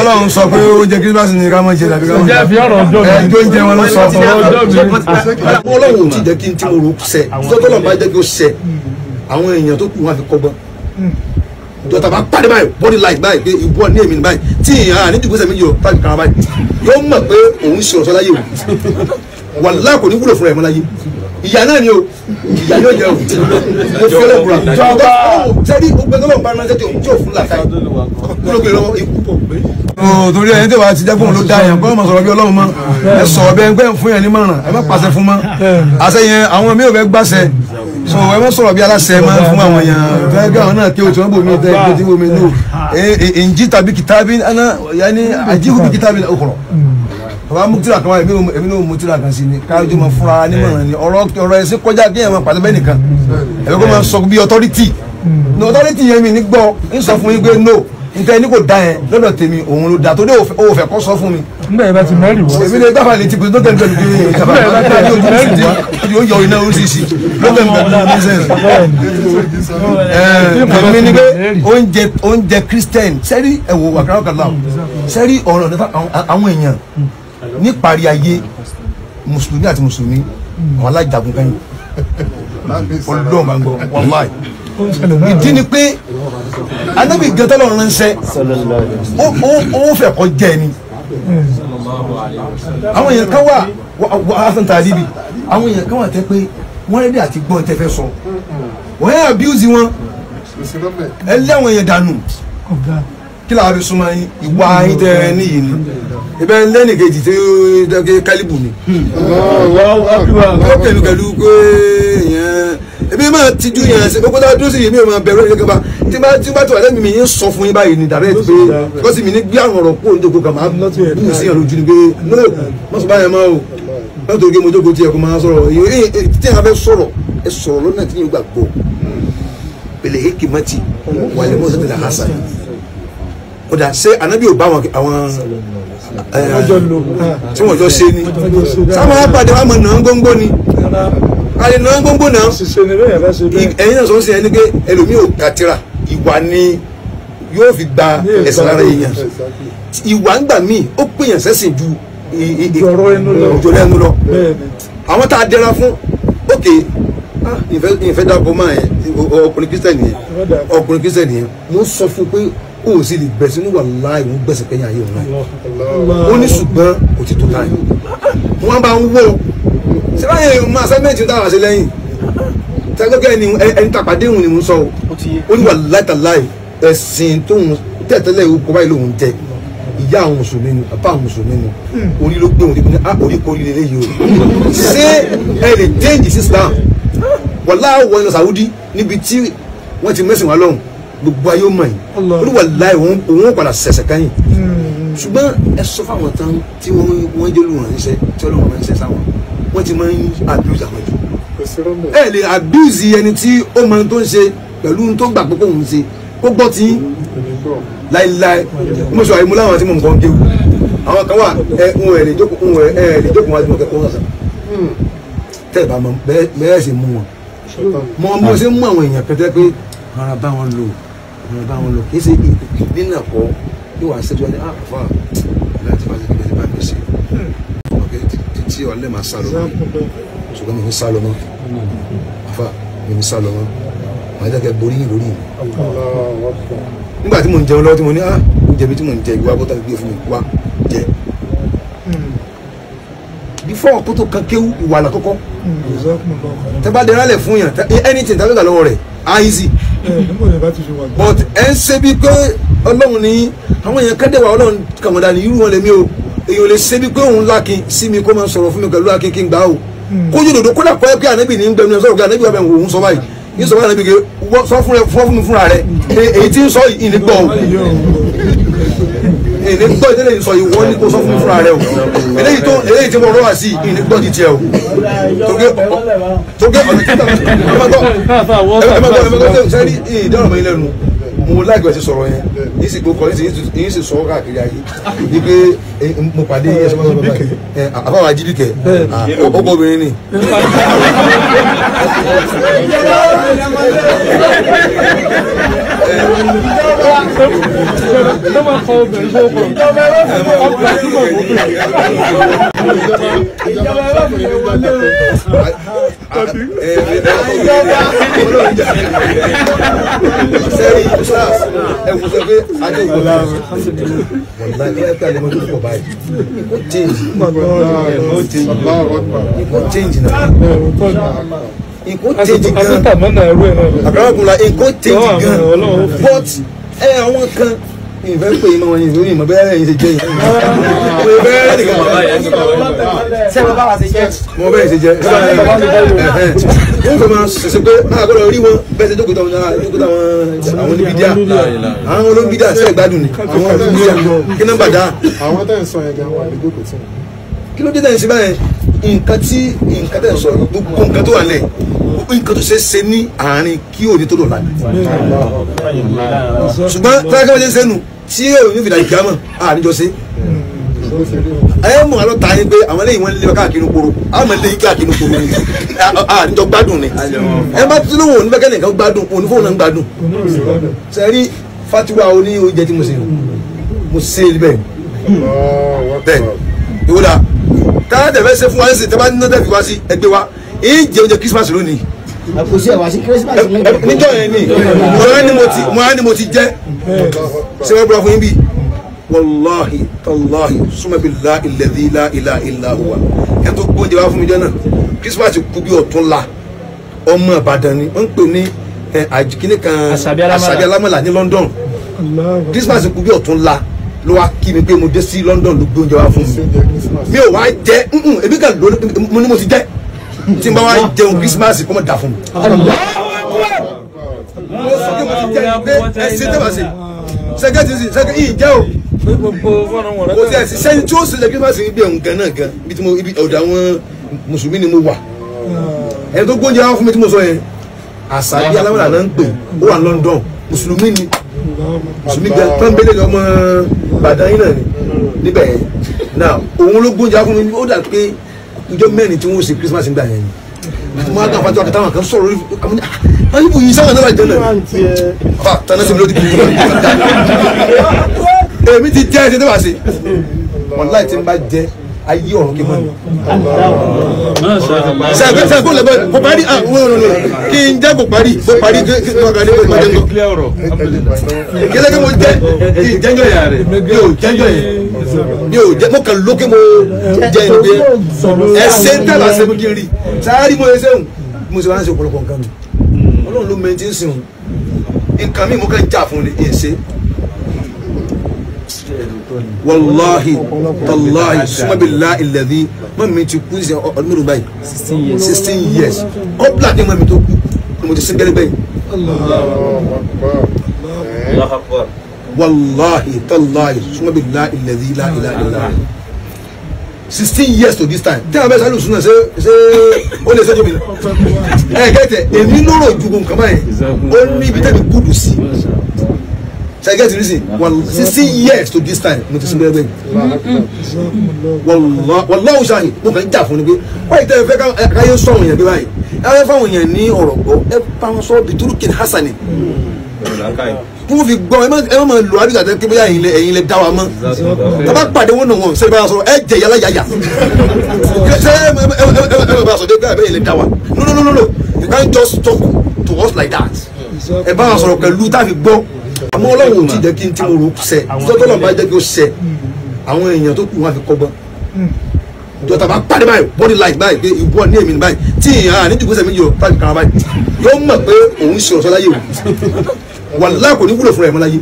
Ọlọ́run sọ pé oúnjẹ kírísímàsì ni ká mọ̀ jẹ tàbí ká mọ̀ jẹ. Ǹjẹ́ ọ̀rọ̀ ọjọ́ mi? Ẹ tó ń jẹ wọn ló sọ fún ọjọ́ mi. Ọlọ́run ò tí jẹ́ kí n tí mo rò sẹ̀, tọ́tọ́lọ́ bá jẹ́ kí ó sẹ̀, àwọn èèyàn tó kù wọn àfi kọ́gbọ́n. Dọ́tà bá pàdé báyìí, body light báyìí, pé ìbú ọ̀ ní èmi báyìí, tí ìhàn ní dùgbẹ́sẹ̀ méjì ọ̀ tábìlì kan báyìí, yóò mọ̀ pé òun ṣe ọ̀ṣọ́ láyé o. Wàlá kò ní wúlò fún ẹ̀ mọ́ láyé ìyá náà ni o ìyá yóò jẹ o mo fi ọlọ́ọ̀ bùra jọba sẹ́ni gbogbo ẹgbẹ́ ọ̀pá ránṣẹ́ tí o tí o fún làkàyè kúlókè lọ́wọ́ torí ẹni tí wàá ti jẹ́ ló dá yẹn gbọ́dọ̀ sọ̀rọ̀ bí ọlọ́run mọ́ ẹ sọ ọbẹ̀ ń gbẹ́ fún yẹn ní mọ̀ràn ẹ má pàṣẹ fún mọ́ àṣẹ yẹn àwọn mi ò fẹ́ gbàṣẹ so ẹ má sọ̀rọ̀ bí aláṣẹ máa ń fún àwọn èèyàn gbẹ́gbẹ́ àwọn náà kí o tí wọ́n bò mí tẹ́ tí wọ́n mi lò ẹ̀ ẹ̀ ǹjí tàbí kìtàbí ẹ̀ ní àjíhù bí kìtàbí ọkọ̀rọ̀ bàbá mutira kan wa èmi n'o mutira kan si ni káyọ̀jú ma fura nímọ̀ràn ni ọ̀rọ̀ ọ̀rọ̀ ẹ̀sìn kọjá kí ẹ̀ máa pàtó bẹ́ẹ̀ nìkan ẹ̀fẹ̀ kó máa sọ bí authority ní hmm. authority yẹn mi ní gbọ́ ń sọ fún yín pé no nǹkan ẹni kò da yẹn lọ́dọ̀ tèmi òun ló da tó dé o fẹ́ kọ́ sọ fún mi. n bẹ̀rẹ̀ bá ti mẹ́rì wá. èmi lè gbàgbà létí pé lọ́tẹ̀ nbẹ̀rù bí yóò yọ̀ọ́ iná oríṣiríṣi lọ́tẹ̀ nbẹ̀rù náà bí sẹ́yìn. èmi ni pé oúnjẹ oúnjẹ christian sẹ́rí ẹ̀wọ̀ wàkàrà wàkàrà sẹ́rí ọ̀rọ̀ nípa àwọn èèyàn níparí ayé mùsùlùmí àti mùsùlùmí àwọn alájagun kan yìí olùdó ọmọ àgbọ wàláì ìdí ni pé anábì gẹ́tọ́ lọ́rùn ránṣẹ́ ó fẹ́ kọ́ jẹ́ ni àwọn èèyàn kan wà wàhásán tàdíbi àwọn èèyàn kan wà tẹ́ pé wọ́n rẹ́dí àti gbọ́n tẹ́ fẹ́ sọ wọ́n yẹn abuse wọn ẹ lé àwọn èèyàn dànù kí làwọn fi súnmọ́ yín ìwà yín tẹ ẹ níyì ni ibẹ̀ ń lẹ́nì kejì tí ó dẹ́gbẹ́ kálíbù ni. ó pẹ̀lú pẹ̀lú pé yẹn ebi máa tijú yẹn ṣe kókó tá a dúró sí yìí mi ò máa bẹ̀rù ẹ̀yẹ́ kaba tí bá tí bá tó àlẹ́ mi mi yín sọ fún yín báyìí ni dàrẹ́ pé kọ́sì mi ní gbé àwọn ọ̀rọ̀ kó oúnjẹ kó máa bù sí yẹn lójú ni pé no mọ̀sùn báyẹn máa o lọ́tò oge mo jókòó tiẹ̀ kó máa sọ̀rọ̀ tí a fẹ́ sọ̀rọ̀ ẹ sọ̀rọ̀ lọ́nà tí yóò gbà pèlè hekimati wàlẹ́ mọ́sálẹ́ kódà ṣé anabi ò bá àwọn eh, tí wọ́n jọ ṣe ni sáwọn apàdé wa mọ̀ náà gbóngbó ni alẹ́ náà gbóngbó náà ẹ̀yin náà sọ ń sìn ẹni pé ẹlòmíì ò kàtìrà ìwà ni yóò fi gba ẹ̀sìn lára èèyàn ìwà ń gbà míì ó pèèyàn sẹ́sìn ju ìjọ̀rọ̀ ẹnu lọ àwọn tá a dẹra fún òkè ah, ìfẹ́ dàpọ̀ máa ọkùnrin kristian yẹn ọkùnrin kristian yẹn mo sọ fún pé o ò sì lè bẹ̀rẹ̀ sínú wà láì wọ́n gbẹ̀sẹ̀ kẹ́yìn ayé òun náà ó ní ṣùgbọ́n kò ti tó táyì wọ́n bá ń wò ó ṣé báyìí ẹ̀yìn máa sẹ́mẹ̀ntì ń tàwọn àṣẹ lẹ́yìn tẹ́lẹ́kẹ́ ẹni ẹni tàpádéhùn ni mo sọ ó ní wà láìtàláì ẹ̀sìn tóun tẹ̀tẹ́lẹ̀ okò báyìí lòun jẹ ìyá àwọn mùsùlùmí ni bàbá àwọn mùsùlùmí ni hmm. orí ló gbé òun níbi ní á ah, orí kò líle léyìí o ṣé ẹ lè déǹjì sí Islam wàláwọ̀ ẹnu Saudi níbi tí wọ́n ti mẹ́sìn wá lọ́hùn gbogbo ayé mọ̀ yìí olúwa láì òun padà sẹ̀sẹ̀ kẹ́yìn hmm. ṣùgbọ́n ẹ sọ fáwọn tán tí wọ́n jẹ́ olùrànṣẹ́ tí ọlọ́run máa ń ṣe sáwọn wọ́n ti máa ń abuse àwọn jù ẹ lè abuse ẹni tí ó máa ń tó ń ṣe pẹ̀lú tó gbà pé kóun ṣe kó gbọ́ tí láéláé mo sọ àyè mo láwọn tí mo nǹkan bí wù àwọn kan wà ẹ ń wẹ̀ lè jókòó ń wẹ̀ ẹ lè jókòó wájú wọn kẹ́kọ̀ọ́ sọ̀sọ̀ hmm. tẹ́ ẹ bá mọ bẹ́ẹ̀ sì mú wọn mọ ọmọ ṣe mú àwọn èèyàn pẹ́tẹ́ pé rárá bá wọn lò ó ọmọ bá wọn lọ kì í ṣe nínà kọ yóò wá ṣẹjú ọdún ah, àfà láti bá ti bá mi ṣe ọkẹ títí ọlẹ máa sá lọ mọ ṣùgbọ́n mi ò sá lọ mọ àfà mi ò sá lọ mọ màá dẹ́kẹ́ borí yìí lórí mi. nígbà tí mò ń jẹun lọ́wọ́ tí mo ní ah jẹbi tí mò ń jẹ ìwà bọ́tà gbé fún mi wá jẹ before kó tó kan kéwú ìwà àlàkọ́kọ́ tẹ́ bá dẹ́rẹ́lẹ̀ fún yàn anything tàbí ìgbà lọ́wọ́ rẹ̀ ah easy. Eh, but ẹ ń ṣe bíi pé ọlọ́run ní àwọn èèyàn kẹ́dẹ̀ wà ọlọ́run kàmọ̀dà ní irú wọn lèmi o èèyàn lè ṣe bíi pé òun lákin sí mi kó máa sọ̀rọ̀ fún mi pẹ̀lú akin kí n gbà o hmm. kójú dòdò kódà kọ́ ẹ pé ànábì ní gbẹmí ọ̀sán òkè ànábì wà bẹ̀ òun sọ báyìí ní sọ báyìí ànábì sọ fún fún fúnra rẹ e, èyí tí ń sọ ìnigbọ o ìnigbọ ìdílé sọ ìwọ ni kò sọ fún fúnra rẹ o eléyìí tó eléyìí tí mo rọ wá sí ìnigbọ ti tiẹ o tóge tóge ọ̀nà títà ẹ̀mẹ́gbọ́ ẹ̀mẹ́gbọ́ ẹ̀mẹ́gbọ́ sẹ́ni ìdánwò mi lẹ́nu mo lágbẹ̀ẹ́ sí sọ̀rọ̀ yẹn yìí sì gbókọ̀ yìí sì káàkiri ayé ni pé. Eh, mo pàdé àbáwá jídìkẹ ọgbọ obìnrin ni. sẹ́yìn ṣáà ẹ̀wọ̀n sọ pé adé ìwọ̀n láàrín wọ̀n láàrín ẹ̀ka ni mo tún pọ̀ báyìí kò change kò change kò change na kò change gan àbúrò àgùnlá kò change gan but ẹ àwọn kan ìfẹ́ pé iná wọn ni ìwé ìmọ̀ bẹ́ẹ̀ ẹ̀yin ṣe jẹ́ yìí. pé bẹ́ẹ̀ ni kàmá báyìí. ṣé bàbá wa ṣe jẹ́. mo bẹ́ẹ̀ ṣe jẹ́. yóò fẹ́ máa ṣe pé máa gbọ́dọ̀ rí wọn bẹ́ẹ̀ ṣe dókòtà wọn àwọn olùbídíà àwọn olùbídíà ṣe gbádùn ni àwọn olùbídíà kí náà bàdá. àwọn tẹ̀ ń sọ yẹn wà ní dókòtà. kí ló dé tẹ̀ ń ṣe báyẹn nǹkan tí nǹkan tẹ̀ ń sọ gbogbo nǹkan tó wà lẹ̀ nǹkan tó ṣe é ṣe ní àárín kí òní tó lò lálẹ́ ṣùgbọ́n tí wọ́n ṣe ń ṣe nù tí yóò ní fìdá ìgbà mọ̀ àníjọ sí. ayé mọ̀ alọ́ ta yín pé àwọn eléyìí wọ́n lé káàkiri koro àwọn eléyìí káàkiri koro àníjọ gbádùn ni ẹ bá tún lóhùn òní bẹ́kẹ́ nìkan gbádùn òní fóònù náà gbádùn. sẹ́rí fatiwa oní oúnjẹ tí mo ṣe mo ṣe é bẹ́ẹ̀ bẹ́ẹ̀ ìwúlà káyọ̀dé fẹ́ ṣe fún wa ṣe tẹ́ bá ní nọ́tẹ́ fi wá sí ẹgbẹ́ wa èyí jẹ oúnjẹ Christmas lónìí. àkóso ẹ̀ wá sí Christmas lónìí. níjọ́ yẹn ni mo á ní mo ti jẹ́ ṣé wọ́n búra fún yín bí wàláhi tàláhi súnmọ́bìlá ilẹ̀dí ilá ilá ilá wa ẹ tó gbọ́ jẹ́ wá fún mi jẹ́ náà Christmas kú bí ọ̀tún la ọmọ Ìbàdàn ni wọ́n ń pè ní àjìkíní kan àṣàbí alámọ̀là ní London Christmas kú bí ọ̀tún la ló wá kí mi pé mo dé sí London ló gbé oúnjẹ wá fún mi mi ò wá jẹ ebi kan lónìí ní mo ti jẹ tí n bá wá jẹun Christmas kó mọ̀ dà fún mi pé mo ti jẹ́ pé ẹ ṣe tẹ́wà sí sẹ́kẹ́tì sí sẹ́kẹ́tì yìí jẹ́ o kò tí ẹ sì sẹ́yìn tí ó sì lè kí n bá sì ń gbé òun gan náà gan ibi ọ̀dọ̀ àwọn mùsùlùmí ni mo wà ẹni tó gbóúnjẹ wá fún mi tí mo sọ yẹn àṣàbí aláwọ̀dà náà ń pè ó wà London mùsùlùmí ni mùsùlùmí gan pọ́ńbélé ọmọ Ìbàdàn yìí náà ni níbẹ̀ yẹn náà òun ló gbóúnjẹ wá fún mi ó dà pé ìjọ mẹ́rin tí wọ́n ṣe Christmas ń gbà yẹn ni mo á kàn fàtí wákàtí àwọn kan sọ̀rọ̀ ayi bu yi sanwó náírà ìjẹlẹ fa tani sinmi ló di kiri kúrò èmi ti jẹ ẹsẹ tó bá se wàláì tí n bá jẹ ayé ọ̀rọ̀ kí n mọ̀ ní. sàgbé sàgbó lẹ́gbẹ́ kò parí à wọ́n wọ́n wọ́n kí n jẹ́ kò parí kò parí kí n kọ́ kàdé kò parí kò. kílẹ̀ kí mo jẹ́ kí n jẹ́jọ́ yà rẹ̀ mi ò jẹ́jọ́ yẹ mi ò jẹ́ mo kàn lókè mo jẹ́ ẹni pé ẹsẹ̀ ń tẹ̀lé àṣẹ mo kiri sáárì mo ẹsẹ̀ mo sì máa ń ṣe ọ̀pọ̀lọpọ̀ nǹkan mi ọlọ́run ló mẹ́tí ń sìn òun nǹkan míì mo kẹ́ jà fún ni ẹ̀ ṣe. wàláhi tàláhi sumabila ìlẹ̀dí mọ̀mí ti kú sí ọdún mélòó báyìí sixteen years kọ́pìlà ní mọ̀mí tó kú mo ti sẹ́gẹ́lẹ́ báyìí. wàláhi tàláhi sumabila ìlẹ̀dí láìláìláì sixteen years to this time tí àwọn mẹ́sàn-án lùsùn náà ṣe ṣe ó lè ṣẹ́jú mi ẹ gẹ́tẹ̀ èmi lóró ju nǹkan báyìí ó ní ibi tẹ́mi gbúdù sí ṣe get the reason sixteen years to this time mo ti sinmi ẹgbẹ́ yìí wàlúwàhù ṣáàyìn mo kàn ń jà fún ni pé wọ́n yìí tẹ́ ẹ fẹ́ káyé sọ̀rọ̀ yẹn bí báyìí ẹ fẹ́ fáwọn yẹn ní ọ̀rọ̀ gbọ́ ẹ fáwọn sọ̀rọ̀ bìtúrú kìnnìhásánì kí wọ́n fi gbọ́ ẹ máa lò àbíkà tẹ́ kí bóyá ẹ̀yin lẹ dá wa mọ́ bàbá pàdé wọn náà wọn sẹ́yìn bá sọ ẹ jẹ yàrá yàyà ṣé ẹ bá sọ dé bẹ́ẹ̀ lẹ dá wa no no no no you can't just talk to us like that ẹ bá wọn pẹ̀lú tá gbọ́ àmọ́ ọlọ́run ò jẹ́ kí n tí mo rò ṣẹ ìjọ́tọ́ náà bá jẹ́ kí ó ṣẹ àwọn èèyàn tó kù wọn fi kọ́gbọ́n jọta bá pàdé báyìí body light báyìí pé ìbú ọ èmi báyìí tí ìhàn àníjùgbọ́sẹ̀ mi yọ tábìkàrà báyìí yóò mọ̀ pé òun ṣe ọ̀ṣọ́ láyé òun wàlá kò ní wúlò fún ẹ mọ́ láyé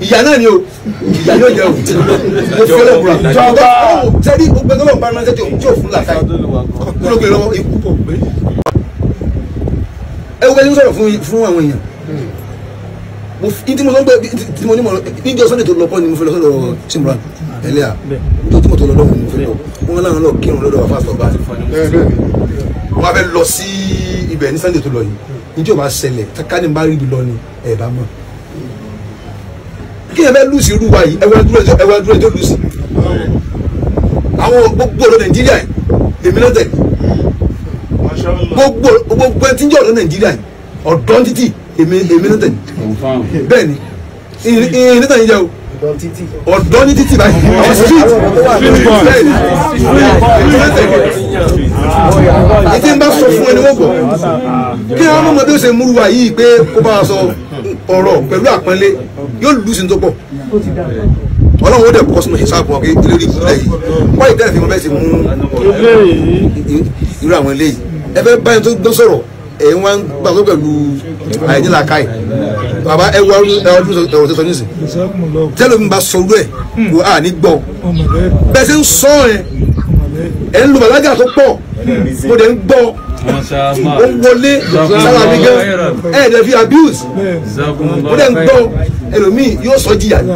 ìyá náà ni o ìyá yóò jẹ o mo fi ọlọ́ bùra jọba sẹ́ni gbogbo ẹgbẹ́ wọn bá ránṣẹ́ tí o fún làtà yìí kúló gbé lọ́wọ́ ikú pọ̀ gbé. ẹ wọ́n sọ̀rọ̀ fún àwọn èèyàn mo fi tí mo sọ pé tí mo ní mo níjọ sọ́ndẹ̀ tó lọ kọ́ ni mo fi lọ sọ́dọ̀ simbra ẹlẹ́à tó tí mo tó lọ lọ́wọ́ ni mo fi lọ wọn láwọn lọ kírun lọ́dọ̀ wà fásitọ̀ bá wọn fẹ́ lọ sí ibẹ̀ ní sọ́ndẹ̀ tó lọ yìí níjẹ́ ò bá ṣẹlẹ̀ káni bá rí ibi lọ ni ẹ̀ bá mọ̀ kí ẹ fẹ́ lùsì irú wa yìí ẹwà dúró ẹwà dúró ẹjọ́ lùsì àwọn gbogbo ọ̀dọ́ nàìjíríà èmi náà tẹ̀ gbogbo gbogbo ẹtí ń jẹ́ ọ̀dọ́ nàìjíríà ọ̀dọ́ títì èmi èmi náà tẹ̀ bẹ́ẹ̀ ni ìrìn níta yìí jẹ́ o ọ̀dọ́ ní títì báyìí street bẹ́ẹ̀ ni èmi náà tẹ̀ ìdí ń bá sọ fún ẹni wọ́n gbọ́ kí àwọn ọmọdé ṣe múruwa yìí pé kó bá sọ ọ̀rọ̀ pẹ̀lú àpọ́nlé yóò lù sí tó pọ̀ ọlọ́run ó dẹ̀ bọ́ sínú ìṣàkùn ọ̀gẹ́ ìlérí ìbílẹ̀ yìí wọ́n ìdẹ́rẹ̀ fi mọ́ bẹ́ẹ̀ sì mú irú àwọn eléyìí ẹ fẹ́ báyìí tó gbọ́ sọ̀rọ̀ ẹ̀ ń wá ń gbà tó pẹ̀lú àìdílà káì bàbá ẹ wá ọdún ọ̀rọ̀ tó sọ nísìn tẹ́lómi bá sọ orú ẹ̀ kò à ní gbọ́ bẹ́ẹ̀ ṣe ń sọ ẹ̀ ẹ̀ ń lu bàlágà tó pọ̀ mo dẹ̀ ń gbọ́ ó wọlé sára mi gan ẹ̀ ẹ̀ dẹ̀ fi abuse mo dẹ̀ ń gbọ́ ẹlòmíì yóò sọ jìyà ni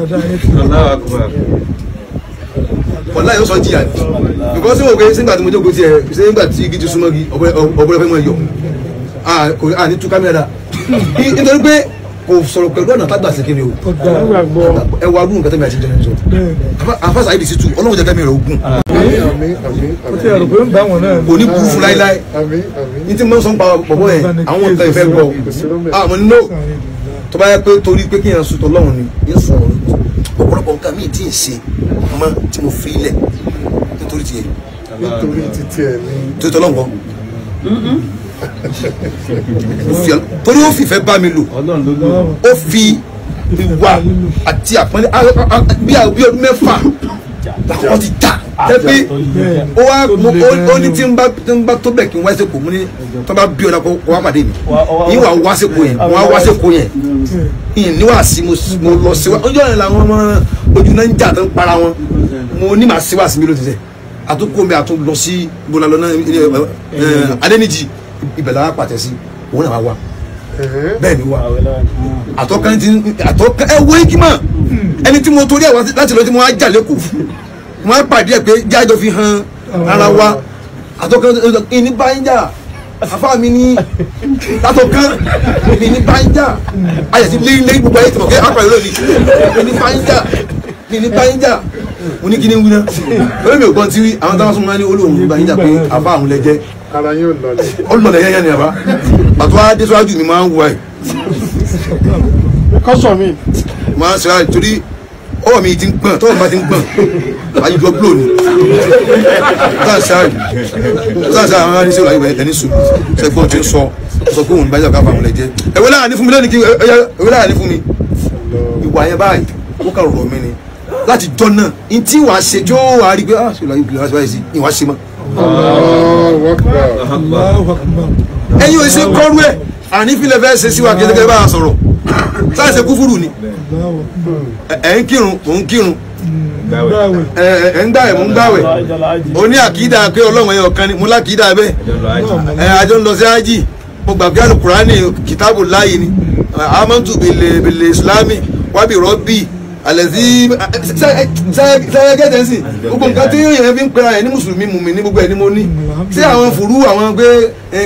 wàlá yóò sọ jìyà ni nǹkan tí mo gbé sígbà tí mo jókòó tiẹ̀ sígbà tí igi ti súnmọ́ gi ọ̀bọ̀lọ́fẹ́ mọ̀ yọ à ní tú kámẹ́rà nítorí pé kò sọ̀rọ̀ pẹ̀lú ọ̀nà tágbà sí kiri o ẹ wá gún nǹkan tẹ́mi àti jẹun jọ àfàṣà ìdí sí tu ọlọ́run jẹ́ tẹ́mi rẹ̀ ogun. kò ní burú fún láíláí ní tí mo ń sọ pa bọ̀bọ̀ yẹn àwọn nǹkan ìfẹ́ gbọ́ àmọ́ ah, no tó bá yẹ pé torí pé kéèyàn sùn tọ́lọ́run ni yẹn sọ̀rọ̀ ọ̀pọ̀lọpọ̀ nǹkan míì tí ì ṣe mọ́ tí mo fi ilẹ̀ nítorí tiẹ̀ torí ó fìfẹ́ bá mi lò ó fi ìwà àti àpọ́nlé bí ọdún mẹ́fà làwọn ti jà tẹ́pẹ́ ó wá ó ní tí ń bá tí ń bá tó bẹ̀ kí n wá sí kò mú ní tó bá bí ọ̀nà kó wá pàdé mi yín wà wá sí kò yẹn wà wá sí kò yẹn yín ní wà sí mo lọ sí wa ọjọ́ yẹn làwọn ọmọ ojú náà ń jà tó ń para wọn mo ní màá sí wà sí mi ló ti sẹ́ àtúkò mi àtún lọ sí bọ́lá lọ́nà adẹ́nìjì ibẹ̀ làwọn pàtẹ sí òun náà wá wá bẹ́ẹ̀ ni wá àtọ́kàn ti àtọ́kàn ẹ wo ikimọ̀ hmm. ẹni tí mo torí ẹ̀ wá láti lọ tí mo wá jà lẹ́kọ̀ọ́ mo wá pàdé ẹ̀ pé jáde fi hàn ara wa àtọ́kàn ìní bá ń jà àfa mi ní látọ̀kàn mi ní bá ń jà hmm. ayẹ̀sí lé lé gbogbo ayé tí mo kẹ́ àpàlẹ́ mi ní bá ń jà mi ní bá ń jà mo ní kí ni wí náà ó mi ò gbọ́ tí àwọn táwọn súnmọ́ ní olóhùn gba níjà pé àbá àwọn lẹ́jẹ́ ó lọlẹ̀ yẹ́yẹ́ ni àbá pàtó wá dé síwájú mi máa ń wá ẹ̀. kọ́sọ̀ mi. máa ń sọ àyè torí ọwọ́ mi ti ń gbọ̀n tọ́wọ́ mi bá ti ń gbọ̀n àyùjọ blo ni sáàsì àwọn ará níṣẹ́ ìlàyẹ̀wò ẹ̀dẹ̀ ní sùn ṣẹ́gbọ́n ti ń sọ sọ pé òun ní báyìí ọ̀gá àbàwọn lẹ́jẹ́ ẹ̀wẹ́ láàánú fún mi lónìí kí ẹ̀wẹ́ fún mi ìwà láti jọ náà n tí wàá ṣe tí ó wàá rí pé ah ṣùgbọ́n ìbílẹ̀ wáṣíwáyé sí ni wàá ṣe mọ́. ẹ̀yin ò ṣe kọ́rú ẹ̀ ànífilẹ̀ fẹ́ ṣe sí wa kẹ́tẹ́kẹ́ bá a sọ̀rọ̀ sáà ṣe kúfúrú ni ẹ̀ ń kírun mò ń kírun ẹ̀ ń gbàwẹ̀ mò ń gbàwẹ̀ o ní àkídà pé ọlọ́run ẹ̀yọ̀ kan ni mo lákìídà bẹ́ẹ̀ ẹ̀ àjọ ń lọ sí ájì mo gbà pé alukurani kìtàbù láàyè ni amantu bèlè bèlè islámì wábì rọ́bì àlẹ́sí sẹ́yẹ́gẹ́ tẹ́sí gbogbo nǹkan tí èèyàn fi ń pera ẹ̀ ní mùsùlùmí mùmí ní gbogbo ẹ̀ ní mo ní sí àwọn fùrú àwọn pé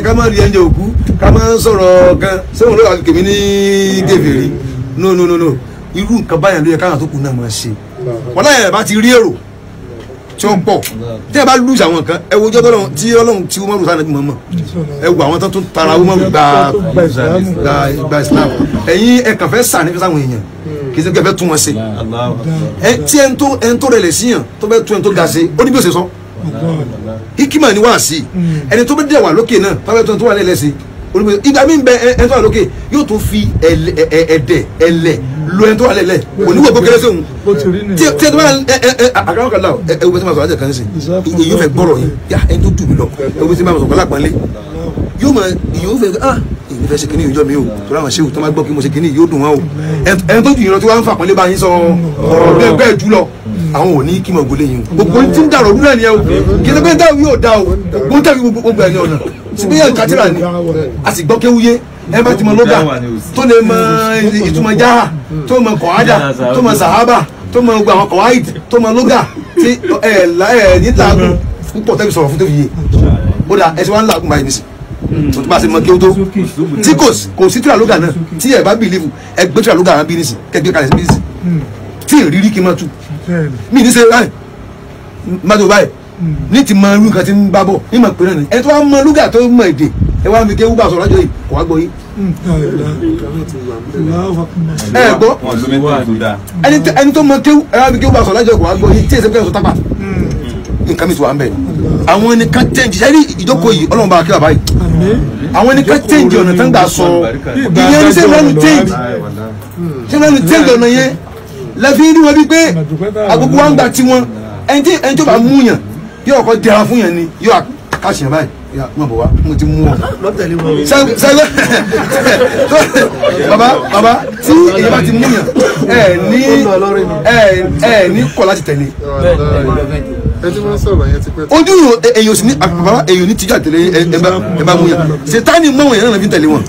ká má rí ẹ̀jẹ̀ òkú ká má sọ̀rọ̀ gan sẹ́wọ̀n lóyún àkèmí ní gèfèrí no no no no irú nǹkan báyà ló yẹ káwọn tó kù náà máa ṣe wọ́n láyà bá ti rí èrò tí ó pọ̀ tí ẹ bá lùs àwọn nǹkan ẹ wo jọ́dọ̀ tí ọlọ́run tí Umaru sáré mọ̀ mọ̀ ẹ wo àwọn tó tún tara Umaru gba gba Islam ẹ̀yin ẹ kàn fẹ́ sàn nípa sáwọn èèyàn kì í ṣe kẹfẹ́ tún wọn ṣe tí ẹni tó ẹni tó rẹlẹ̀ síyàn tó fẹ́ tún ẹni tó ga ṣe ó ní bí ó ṣe sọ hikima ni wàá sí ẹni tó bẹ dẹ̀ wà lókè náà tó fẹ́ tún ẹni tó wà lẹ́lẹ̀ ṣe ó ní bí ó ṣe ìgbà mi bẹ ẹni tó wà lókè yóò tún fi ẹ̀dẹ̀ ẹ̀lẹ̀ lo ẹni tó wà lẹ́lẹ̀ oníwò kó kéré sóhun tí ẹ tó bá àkàrà kan láwọ ẹ ẹ wo bí ti máa sọ àjẹkàn sí èyí yóò fẹ́ gbọ́rọ̀ yìí ẹni tó dùn mí lọ ẹ wo bí ti máa sọ yóò mọ ìyẹn ó fẹ́ ah èmi fẹ́ ṣe kínní ìjọ mi o torí àwọn ṣéwù tó máa gbọ́ kí mo ṣe kínní yóò dùn wọn o ẹni tó jùyìn lọ tí wọ́n ń fàpọ́nlé bá yín sọ ọ̀rọ̀ bẹ́ẹ̀ bẹ́ẹ̀ jù lọ àwọn ò ní kí mọ̀ gbólé yín o gbogbo tí ń dàrọ̀ ọdún náà nìyẹn o kìí pé dáwọ̀ yóò dá o gbogbo tẹ̀wé gbogbo ẹ̀ ní ọ̀nà síbi yẹn kátìrà ni a sì gbọ́ kéwúyé ẹ bá ti mọ lọ́gà tó lè mọ ìtumọ̀ jáhà tó mọ kọ̀ádà tó mọ sàhábà tó mọ gbogbo àwọn kọ̀wáìd tó mọ lọ́gà tí ẹ̀ níta púpọ̀ tẹ́bi sọ̀rọ̀ fún tẹ́bi yé ó dà ẹ ti wá ń làágùn báyìí nísìnyí kò tó bá ṣe mọ kí o tó tí kò sí tìràlógà náà tí ẹ bá bìlífù ẹ gbé tìràlógà rán bí nísì kẹgbẹ kalẹ̀ sí bí nísì hmm. tí ì rírí kí n máa tu mí ní ṣe ráì má tó báyìí hmm. ní ti mọ irú nǹkan tí ń bá bọ̀ ní mọ̀ pé náà ni ẹni tó wá mọ lúgà tó mọ èdè ẹ wá mi kéwú bá sọ lọ́jọ́ yìí kò wá gbọ́ yìí. Hmm. ẹ gbọ́ ẹni tó mọ kéwú ẹ wá mi kéwú bá sọ lọ́jọ́ kò wá gbọ́ yìí tí èsè pẹ́ẹ́sọ tápà nǹkan mi ti wà ń bẹ̀. àwọn ẹnìkan tẹ́ ǹjẹ́ rí ìjókòó yìí ọlọ́run bá kí bàbá yìí àwọn ẹni ká change ọ̀nà tán gbà sọ ìyẹn ní sẹ́yìn lọ́nu change sẹ́yìn lọ́nu change ọ̀nà yẹn lẹ́fi ní wọn bí pé agogo wa ń gba tiwọn ẹni tí ẹni tó bá mú yàn yóò kọ́ dẹ̀ra fún yàn ni yóò kàṣìyàn báyìí ya mo bọ̀ wá mo ti mú ọ. sẹgbẹ baba baba tí èyí bá ti mú yàn ẹ ní ẹ ní kọ̀ láti tẹ̀lé ẹni máa ń ojú èyí sí ní bàbá èyí ní tíjà tẹ̀lé ẹ bá mú yà sètáni mọ́ wọn yẹn náà fi ń wọn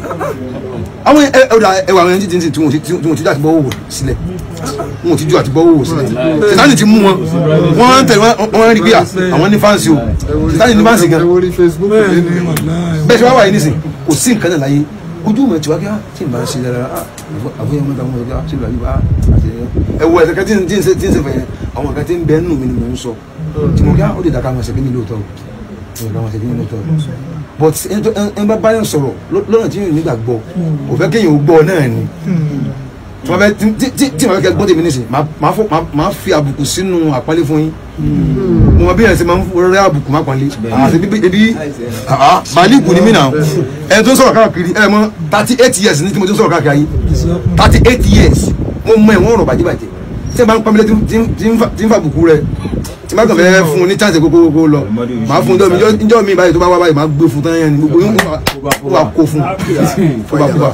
àwọn ẹwà ẹwà àwọn ẹni tí ti wọn ti jù àti bọ́ wò sílẹ̀ wọn ti jù àti bọ́ wò sílẹ̀ sètáni ti mú wọn wọn ń tẹ̀lé wọn rí bíyà àwọn ní fáǹsì o sètáni ní fáǹsì gan bẹ́ẹ̀ ṣe wá wà nísìn kò sí nǹkan náà láyé ojú mi tí wá kí á tí bá ṣe dára àbúyẹ mẹ́ta mọ ọjọ́ tí n bá yí àti ẹwọ ẹsẹ kan tí n ṣe àwọn kan tí bẹ nù mí ni mò ń sọ tí mo yá ó lè dàgbà àwọn ẹsẹ̀ kìíní lóòótọ́ ó lè dàgbà àwọn ẹsẹ̀ kìíní lóòótọ́ but ẹn bá báyọ̀ sọ̀rọ̀ lọ́nà tí yóò nígbà gbọ́ kò fẹ́ kéèyàn ó gbọ́ náà ni tí wọ́n fẹ́ tí wọ́n fẹ́ gbọ́ tèmi nísìn máa fi àbùkù sínú àpálẹ́ fún yín mo mọ bí ẹ̀sìn máa ń rẹ́ àbùkù má pọ́nlé àti bíbí ebi màálíkù ni mí nà ẹ̀ tó ń sọ̀rọ̀ káàkiri ẹ̀ mọ́ thirty eight years ni tí mo ti ń sọ̀rọ̀ káàkiri ayé thirty eight years mo mọ ẹ̀wọ̀n ọ̀rọ̀ bàjẹ́bàjẹ́ tí ẹ bá ń pamílẹ́ tí ń fa àbùkù rẹ̀ tí má kàn fẹ́ fún un ní chance gbogbo gbogbo lọ màá fún un njọ́ mi báyìí tó bá wá báyìí màá gbé fún tán yẹn gbogbo yín kó wa kó fún kóbakóba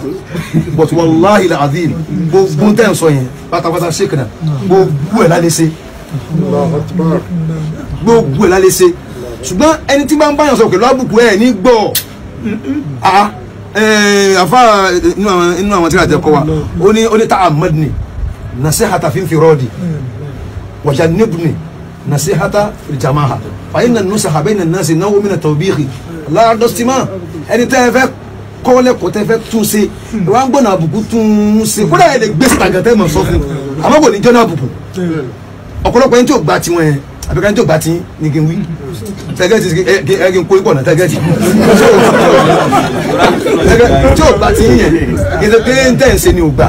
but wàláhi alazim gbogbo tẹ̀ ń sọ yẹn pátápátá ṣèkì náà gbogbo ẹ̀ lálẹ́ ṣe gbogbo ẹ̀ lálẹ́ ṣe ṣùgbọ́n ẹni tí bá ń báyọ̀ sọ pẹ̀lú àbùkù ẹ̀ ní gbọ́ àfa inú àwọn tí a jẹ kọ wa ó ní ta àmọ́dìní nasihata fi ń fi rọ́ọ̀dì wàjà níbùnì nasihata jamaha fàyín nà nusaha bẹ́ẹ̀ nà nasi náwó mi nà tawbihi ládọ́símà ẹni tẹ́ ẹ fẹ́ kọ́lẹ̀ kọ́ tẹ́ fẹ́ tún ṣe wà ń gbọ́n àbùkù tún ṣe kódà ẹ̀ lè gbé sàgàtẹ́ mọ̀ sọ́fún àmọ́ kò ní jọ́nà àbùkù ọ̀pọ̀lọpọ̀ ẹni tí ò gbà tiwọn yẹn àbíká ní tó bá ti ní kí n wí tẹgẹtì ẹgẹ ń kó ikọ̀ náà tẹgẹtì tí ò bá ti ni ò gbà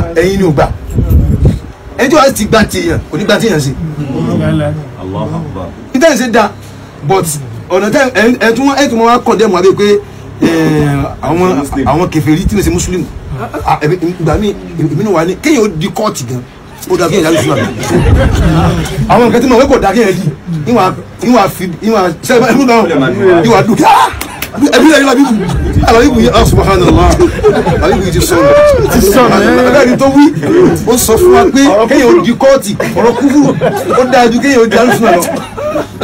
ẹ̀yin nítorí ṣe da but ọ̀nà tẹ ẹ tún ẹ tún wọn kọ̀ dẹ́mu abẹ́ pé àwọn àwọn kèfèrí tí mo ṣe Muslim. ìgbà mi èmi náà wà ní kéèyàn ó di kóòtù gan ó dàbí ìyá lùsùlùmí àwọn nǹkan tí mo wẹ́ kò dá kéèyàn yìí ìwà ìwà fi ìwà sẹ́yìn báyìí mú náà ìwà dùn ah! ẹbí ẹbí la bíbù alabibu yìí asubahánilá ah, alabibu yìí ti sọnù ti sọnù eh? ẹgbẹ́ni tó wí ó sọ fún wa pé kéèyàn ó di kóòtì ọ̀rọ̀ kúkúrú ó dáa ju kéèyàn ó di alùsùn lọ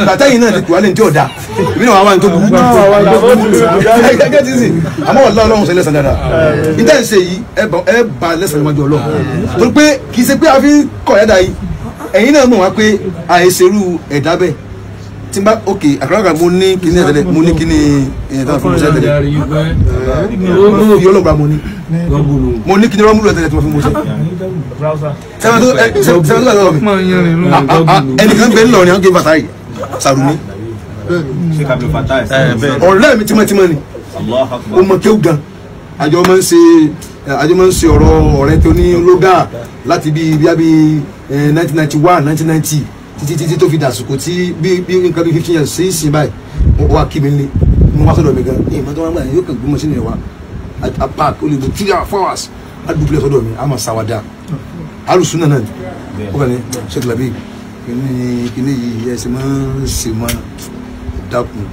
bàtà yìí náà ti kù alẹ́ ní tí ò da èmi náà wà wá ní tó burú gẹ́gẹ́ ti sìn àmọ́ ọ̀la ọlọ́run sọ lẹ́sàn dáadáa níta ẹ̀ ṣe yìí ẹ ba lẹ́sàn níwájú ọlọ́run torí pé kì í ṣe pé a fi ń kọ̀ ẹ̀dá yìí ẹ̀yin náà mọ̀ tí n ok àkàràkà mo ní kíní ẹ̀tẹ̀lẹ̀ mo ní kíní ẹ̀tẹ̀lẹ̀ eh, fún mọ́ṣẹ́ tẹ̀lẹ̀ yóò lọ́gbà mo ní mo ní kíní rọ́múlù ẹ̀tẹ̀lẹ̀ tí wọ́n fi mọ́ṣẹ́. sẹ́wọ́n tó sẹ́wọ́n tó lọ́wọ́ mi ẹnìkan gbé ńlọrin àwọn kí n bàtà yìí sàrùmí. Eh, ọ̀rẹ́ mi tímọ́tímọ́ ni ó mọ kéwù gan àjọ máa ń ṣe àjọ máa ń ṣe ọ̀rọ̀ ọ̀rẹ́ tó ní lóga láti bíi bíi eh, nineteen ninety one nineteen ninety títí títí tó fi dàsùkò tí bí bí nǹkan bí fifteen years sí ìsìn báyìí mo kí mi lé mo wá sọ́dọ̀ mi gan ní ìmọ̀ tó gbà yóò kàn gbé mọ́ṣínì rẹ̀ wá a park ó lè bu three hours four hours a dùn pílẹ̀ sọ́dọ̀ mi a máa ṣàwádà alùsùn náà náà ó kàn ní ṣe kìlàbí kìnìún kìnìún yìí ẹ̀ máa ń ṣe máa dákun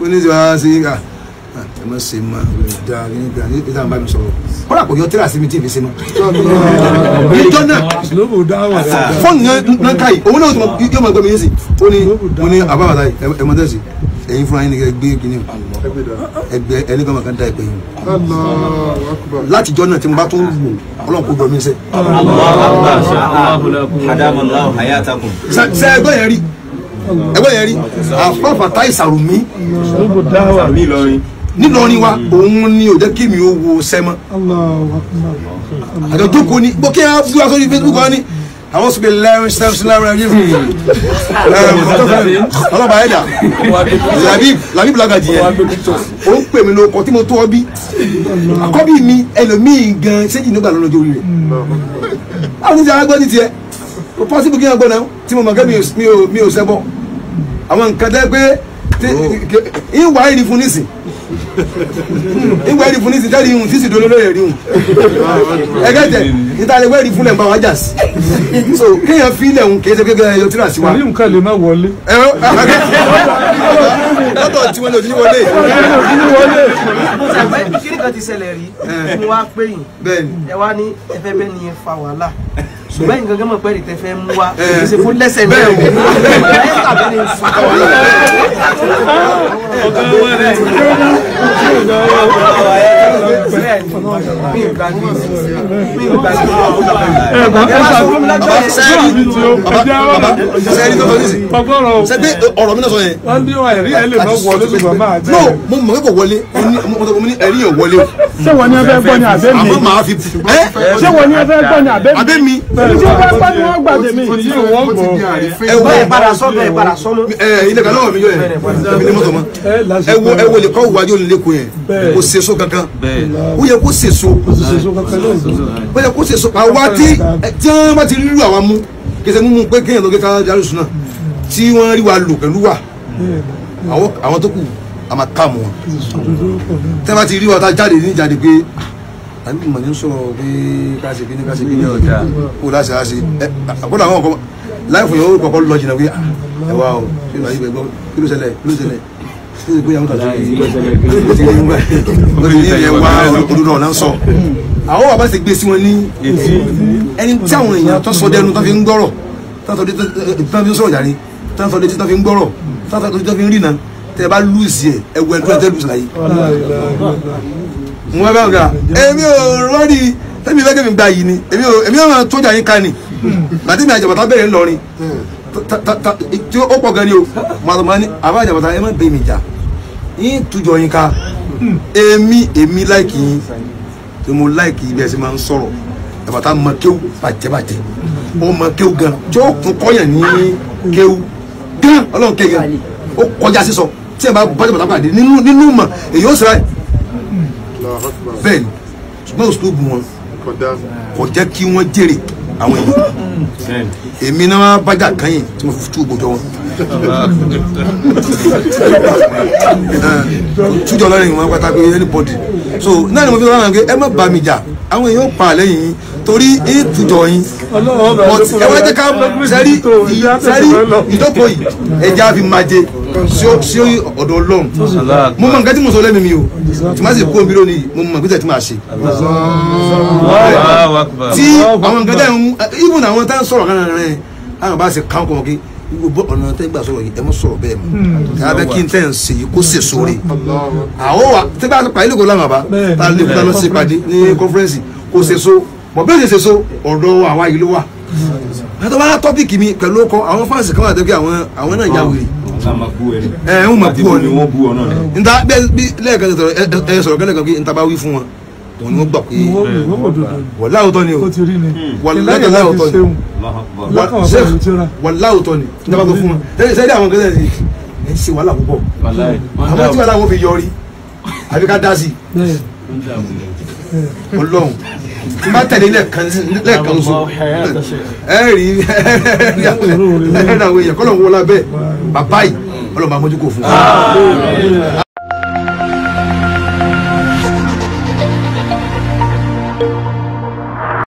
ó ní ṣe ẹ mọ̀ ṣe mọ̀ da nígbà nígbà bá mi sọ̀rọ̀ kọ́lá kò yọ tíra sí mi tí èmi ṣe mọ̀. ìjọ náà fóònù náà ká yìí òun náà yóò máa gbọ́ mi yín sí ó ní mo ní àbáwọ̀dá ẹ mọ̀ tẹ̀sí ẹ̀yin fúnra yín ni gbé kíní ẹgbẹ́ ẹni kan kan da ẹgbẹ́ yín. láti jọ náà tí mo bá tún wò ọlọ́run kò gbọ́ mi sẹ́. sẹ́ ẹgbẹ́ yẹn rí ẹgbẹ́ yẹn rí àpá fàtà ìsàrùmí nílọrin wa òun ni ò jẹ́ kí mi ó wo sẹ́mọ́ àjọ tó kò ní bó kí á fún wa sórí Facebook wa ni àwọn sọ pé lẹ́rìn sẹ́mùsì lẹ́rìn ẹ̀jẹ̀ fún mi ọlọ́ba ẹ̀dà Labib Labib Lagaji ń pè mí ló kọ tí mo tó ọ bí àkọ́bí mi ẹlòmíì gan ṣéjì nígbà lọ́nà ojú rẹ̀ àwọn oníṣẹ́ agbọ́n ti tiẹ̀ kò pọ́sibú kí n gbọ́n náà tí mo mọ̀ kẹ́ mi ò sẹ́bọ̀ àwọn nǹkan tẹ́ pé ìwà èrì fún nísì ìwà èrì fún nísì tẹ́lẹ̀ ìhùn sísì dolóró èrì hùn ẹgẹ́ tẹ ìtàlẹ́wọ́ èrì fúnlẹ̀ ń bá sí so kéèyàn fílẹ̀ ń kéèyàn kéèyàn yóò tíra sí wa. ìlú nǹkan lè má wọlé. lọ́tọ̀ tí wọ́n lè òjì wọlé. òjì wọlé. ṣàgbẹ́ kíríkan ti ṣẹlẹ̀ rí eh. mo wá pé yìí ẹ wá ní ẹ bẹ́ẹ̀ ni fa wàhálà ṣùgbọ́n nǹkan gẹ́gẹ́ mọ̀ pé ìtẹ́ fẹ́ mú wa eh. kì í ṣe fún lẹ́sẹ̀ mi náà sọ yẹn. wọ́n mo mọ̀ pé kò wọlé mo ní ẹ̀rí yẹn wọlé o. ṣé wọ́n ní ẹ fẹ́ gbọ́ ni àbẹ́ mi. ṣé wọ́n ní ẹ fẹ́ gbọ́ ni àbẹ́ mi. àbẹ́ mi ìjọba ẹgbẹ́ ni wọ́n gbà tèmi. ẹ wo ẹ padà sọ́dọ̀ ẹ padà sọ́mọ́. ẹ ilé kan lọ́wọ́ mi yọ ẹ ẹbí ni mọ́tò mọ́ ẹ wo ẹ wo lè kọ́ wájú olùlékun yẹn kò sèso kankan ó yẹ kó sèso ó yẹ kó sèso àwa tí tí wọ́n bá ti rírú àwa mú kí ẹsẹ̀ mímú pé kéèyàn lókè ká jáde sùn náà tí wọ́n rí wa lò pẹ̀lú wa àwọn tó kù àmà ká mọ́ wọn tẹ́ bá ti rí wa ta jáde ní jáde pé àbí mọ̀ ní sọ̀rọ̀ pé káṣe bí ní káṣe bí ní ọ̀dà kó láṣẹ láṣẹ ẹ àkọ́dà àwọn ọkọ láì fún yẹn ó kọ́kọ́ lọ jìnnà pé ẹ wá o ṣé ìlú ayé bẹ gbọ́ kí ló ṣẹlẹ̀ kí ló ṣẹlẹ̀ kí ló gbéyàwó tàbí lórí ní ìyẹn wá olùdó ọ̀nà sọ. àwọn bàbá ti gbé sí wọn ní ẹni tí àwọn èèyàn tó sọ dẹnu tó fi ń gbọ́rọ̀ tó fi ń sọ̀rọ̀ jàre tó fi ń gbọ́rọ̀ tó fi ń rìnà tẹ bá lùsì ẹ ẹgbẹ́ tó ẹ tẹ lùsì láyé mo bá bá gà èmi ò rọ́ọ̀rì tẹ́mi fẹ́ kẹ́mi gba yìí ni èmi ò èmi ò tó jà yín ká ni láti mi àjàbàtà bẹ̀rẹ̀ ńlọrin tí ó pọ̀ gan ni o màtòmá ni àbá àjàbàtà ẹ má bẹ̀ mí jà yín tujọ yín ká èmi èmi láìkì yín tí mo láìkì yín bí ẹ sì máa ń sọ̀rọ̀ àjàbàtà mọ kéwù bàjẹ́bàjẹ́ ó mọ kéwù gan tí ó kún kọ́yàn ní kéwù gan ọlọ́run kéwù gan ó kọjá sísọ tí ẹ bá bàjẹ́bàtà pàdé nínú nínú mọ̀ èyí ó sọ bẹ́ẹ̀ ni ṣùgbọ́n òṣùlùbù wọn kò jẹ́ kí wọ́n jèrè àwọn èèyàn èmi náà bájà kan yìí tí mo fi tú gbòjọ wọn tújọ lọ́rẹ̀ ìwọ̀n pátákó anybody so náà ni mo fi wọ́n hàn pé ẹ má bà mí jà àwọn èèyàn pa àlẹ́ yìí torí ìtùjọ yín ẹ wá jẹ́ ká sẹ́rí sẹ́rí ìjókòó yìí ẹ̀jẹ̀ á máa jẹ sí ọ̀dọ̀ ọlọ́run mo mọ nǹkan tí mo sọ lẹ́mìí mi o tí má sì kó omi lónìí mo mọ ìgbésẹ̀ tí màá ṣe. tí àwọn nǹkan tẹ̀ ibùn àwọn tá ń sọ̀rọ̀ kan rẹ̀ àwọn bá ṣe kán kọ̀ kí gbogbo ọ̀nà tẹ́ gbà sọ̀rọ̀ yìí ẹ mọ̀ sọ̀rọ̀ bẹ́ẹ̀ mọ̀ kábẹ́ hmm. kí n tẹ́ ń sè kó sè sóore àwọn wa tẹ́ bá pàdé lóko lánàá bá tá a lè kó lọ sí ìpàdé ní kọ́fẹ́rẹ́nsì kó sè so mọ̀ bẹ́ẹ̀ ṣe so ọ̀dọ̀ àwa yìí ló wà látọ̀ bá tọ́pìkì mi pẹ̀lú ọkọ àwọn fáǹsì kan wà tẹ́kí àwọn àwọn náà yà wèrè ẹ ń ma bú ọ ni nta bẹ́ẹ̀ bí lẹ́ẹ̀kan sọ̀rọ̀ ẹ sọ̀rọ̀ kẹ́lẹ́kan kí nta bá wí fún wọn wọn ni wọn gbà pé wà láwùtọ́ ni o wà láwùtọ́ ni hmm. wà láwùtọ́ ni nta bá tó fún wọn sẹ́yìn àwọn kẹ́lẹ́ sí ẹ ń ṣe wàhálà púpọ̀ àwọn tí wàhálà wọn fi yọrí àbí ká dá sí Ọlọ́run tí má tẹ̀lé lẹ́ẹ̀kan lẹ́ẹ̀kan so ẹ rí ẹ rí àwọn èèyàn kọ́ lọ́n wọlé abẹ́ bàbá yìí Ọlọ́run bá fún wa.